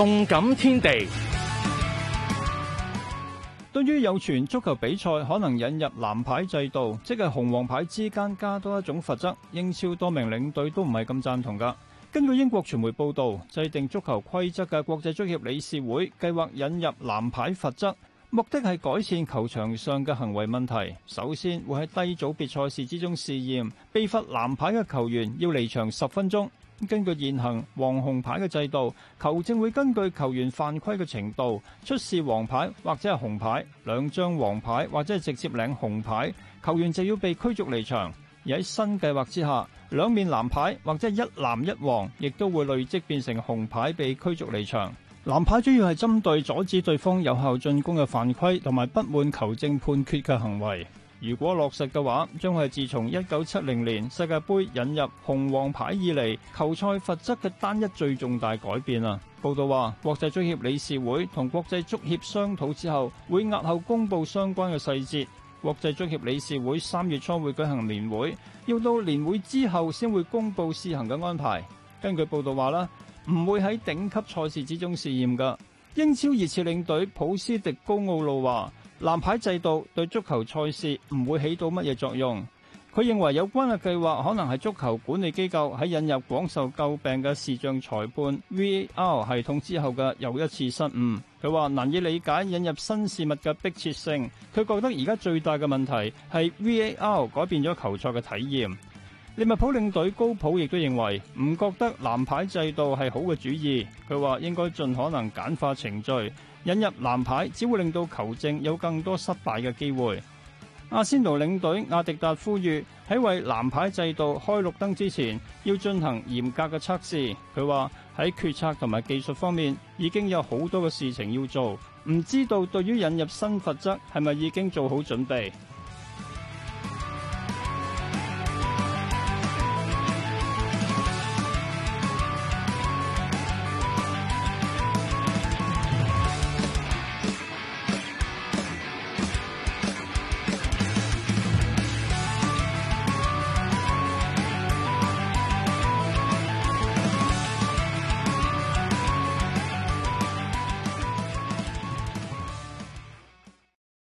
動感天地，對於有傳足球比賽可能引入藍牌制度，即係紅黃牌之間加多一種罰則，英超多名領隊都唔係咁贊同噶。根據英國傳媒報道，制定足球規則嘅國際足協理事會計劃引入藍牌罰則，目的係改善球場上嘅行為問題。首先會喺低組別賽事之中試驗，被罰藍牌嘅球員要離場十分鐘。根據現行黃紅牌嘅制度，球證會根據球員犯規嘅程度，出示黃牌或者係紅牌，兩張黃牌或者係直接領紅牌，球員就要被驅逐離場。而喺新計劃之下，兩面藍牌或者一藍一黃，亦都會累積變成紅牌，被驅逐離場。藍牌主要係針對阻止對方有效進攻嘅犯規，同埋不滿球證判決嘅行為。如果落實嘅話，將係自從一九七零年世界杯引入紅黃牌以嚟球賽罰則嘅單一最重大改變啊！報道話，國際足協理事會同國際足協商討之後會押後公布相關嘅細節，國際足協理事會三月初會舉行年會，要到年會之後先會公布試行嘅安排。根據報道話啦，唔會喺頂級賽事之中試驗噶。英超熱刺領隊普斯迪高奧路話。藍牌制度對足球賽事唔會起到乜嘢作用。佢認為有關嘅計劃可能係足球管理機構喺引入廣受詬病嘅視像裁判 VAR 系統之後嘅又一次失誤。佢話難以理解引入新事物嘅迫切性。佢覺得而家最大嘅問題係 VAR 改變咗球賽嘅體驗。利物浦領隊高普亦都認為唔覺得藍牌制度係好嘅主意，佢話應該盡可能簡化程序，引入藍牌只會令到球證有更多失敗嘅機會。阿仙奴領隊阿迪達呼籲喺為藍牌制度開綠燈之前，要進行嚴格嘅測試。佢話喺決策同埋技術方面已經有好多嘅事情要做，唔知道對於引入新罰則係咪已經做好準備。